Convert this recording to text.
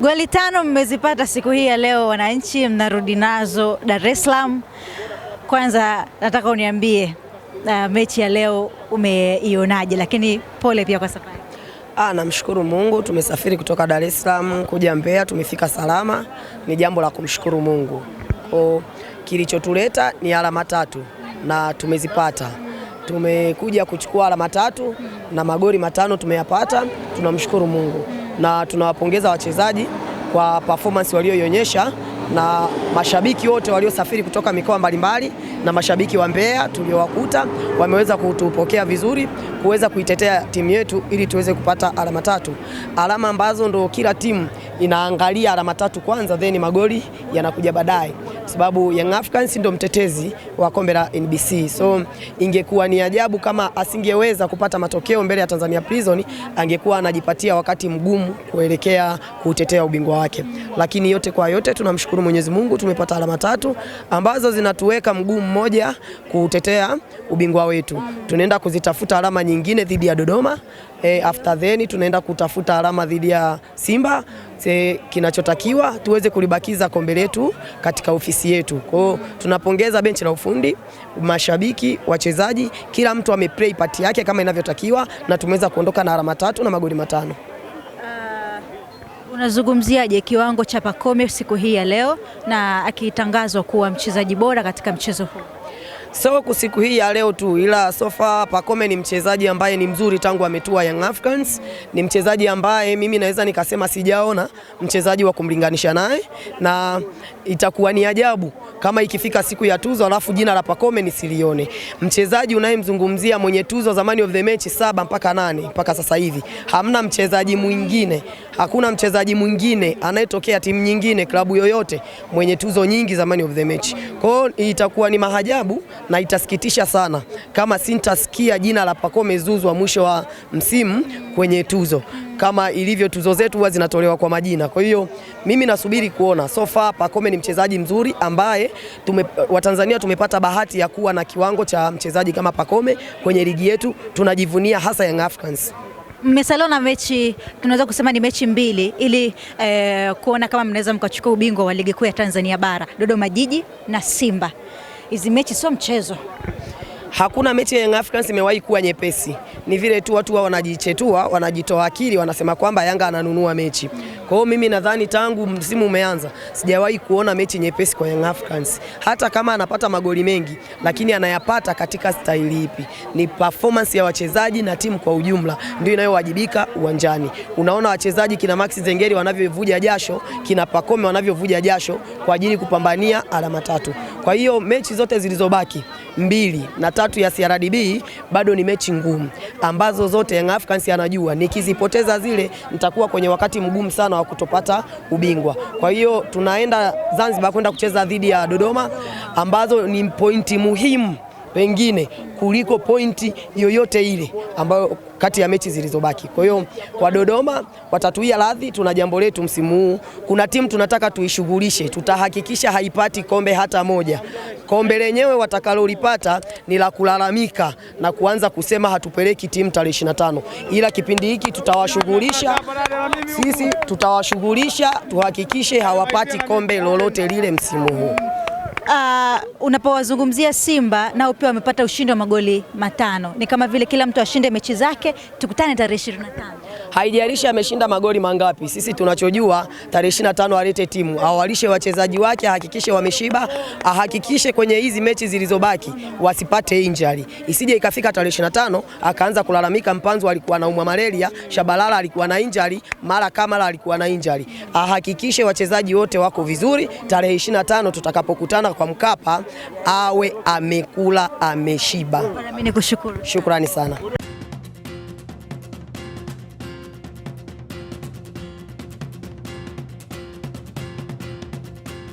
Goli tano mmezipata siku hii ya leo, wananchi mnarudi nazo Dar es Salaam. Kwanza nataka uniambie uh, mechi ya leo umeionaje? Lakini pole pia kwa safari. Ah, namshukuru Mungu tumesafiri kutoka Dar es Salaam kuja Mbeya, tumefika salama, ni jambo la kumshukuru Mungu. Kwa kilichotuleta ni alama tatu na tumezipata. Tumekuja kuchukua alama tatu na magoli matano tumeyapata, tunamshukuru Mungu na tunawapongeza wachezaji kwa performance walioionyesha na mashabiki wote waliosafiri kutoka mikoa mbalimbali na mashabiki wa Mbeya tuliowakuta wameweza kutupokea vizuri, kuweza kuitetea timu yetu ili tuweze kupata alama tatu, alama ambazo ndo kila timu inaangalia alama tatu kwanza, then magoli yanakuja baadaye sababu Young Africans ndio mtetezi wa kombe la NBC, so ingekuwa ni ajabu kama asingeweza kupata matokeo mbele ya Tanzania Prison, angekuwa anajipatia wakati mgumu kuelekea kutetea ubingwa wake. Lakini yote kwa yote, tunamshukuru Mwenyezi Mungu tumepata alama tatu ambazo zinatuweka mguu mmoja kutetea ubingwa wetu. Tunaenda kuzitafuta alama nyingine dhidi ya Dodoma. E, after then tunaenda kutafuta alama dhidi ya Simba se kinachotakiwa tuweze kulibakiza kombe letu katika ofisi yetu. Kwa hiyo tunapongeza benchi la ufundi, mashabiki, wachezaji, kila mtu ameplay part yake kama inavyotakiwa na tumeweza kuondoka na alama tatu na magoli matano. Uh, unazungumziaje kiwango cha Pacome siku hii ya leo na akitangazwa kuwa mchezaji bora katika mchezo huu? so siku hii ya leo tu, ila sofa Pacome ni mchezaji ambaye ni mzuri tangu ametua Young Africans. Ni mchezaji ambaye mimi naweza nikasema sijaona mchezaji wa kumlinganisha naye, na itakuwa ni ajabu kama ikifika siku ya tuzo alafu jina la Pacome nisilione. Mchezaji unayemzungumzia mwenye tuzo zamani of the match saba mpaka nane mpaka sasa hivi, hamna mchezaji mwingine, hakuna mchezaji mwingine anayetokea timu nyingine, klabu yoyote mwenye tuzo nyingi zamani of the match. Kwa hiyo itakuwa ni mahajabu na itasikitisha sana kama sintasikia jina la Pacome Zouzoua mwisho wa msimu kwenye tuzo kama ilivyo tuzo zetu huwa zinatolewa kwa majina. Kwa hiyo mimi nasubiri kuona. So far Pacome ni mchezaji mzuri ambaye tume, Watanzania tumepata bahati ya kuwa na kiwango cha mchezaji kama Pacome kwenye ligi yetu, tunajivunia hasa Young Africans. Mmesaliwa na mechi, tunaweza kusema ni mechi mbili ili eh, kuona kama mnaweza mkachukua ubingwa wa ligi kuu ya Tanzania bara, Dodoma Jiji na Simba hizi mechi sio mchezo. Hakuna mechi ya Young Africans imewahi kuwa nyepesi, ni vile tu watu wao wanajichetua, wanajitoa akili, wanasema kwamba Yanga ananunua mechi. Kwa hiyo mimi nadhani tangu msimu umeanza sijawahi kuona mechi nyepesi kwa Young Africans, hata kama anapata magoli mengi, lakini anayapata katika staili ipi? Ni performance ya wachezaji na timu kwa ujumla ndio inayowajibika uwanjani. Unaona wachezaji kina Max Zengeri wanavyovuja jasho, kina Pakome wanavyovuja jasho kwa ajili kupambania alama tatu. Kwa hiyo mechi zote zilizobaki mbili na tatu ya CRDB bado ni mechi ngumu ambazo zote Young Africans anajua nikizipoteza zile nitakuwa kwenye wakati mgumu sana wa kutopata ubingwa. Kwa hiyo tunaenda Zanzibar kwenda kucheza dhidi ya Dodoma ambazo ni pointi muhimu pengine kuliko pointi yoyote ile ambayo kati ya mechi zilizobaki. Kwa hiyo kwa Dodoma watatuia radhi, tuna jambo letu msimu huu, kuna timu tunataka tuishughulishe, tutahakikisha haipati kombe hata moja. Kombe lenyewe watakalolipata ni la kulalamika na kuanza kusema hatupeleki timu tarehe 25, ila kipindi hiki tutawashughulisha sisi, tutawashughulisha tuhakikishe hawapati kombe lolote lile msimu huu unapowazungumzia Simba nao pia wamepata ushindi wa magoli matano, ni kama vile kila mtu ashinde mechi zake. Tukutane tarehe 25 haijalishi ameshinda magoli mangapi. Sisi tunachojua tarehe 25 alete timu, awalishe wachezaji wake, ahakikishe wameshiba, ahakikishe kwenye hizi mechi zilizobaki wasipate injury, isije ikafika tarehe 25 akaanza kulalamika Mpanzu alikuwa na umwa malaria, Shabalala alikuwa na injury, mara Kamara alikuwa na injury. Ahakikishe wachezaji wote wako vizuri tarehe 25 tutakapokutana kwa Mkapa, awe amekula ameshiba. Shukrani sana.